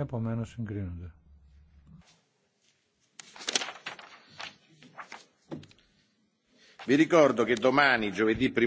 επομένως συγκρίνονται. Vi ricordo che domani, giovedì 1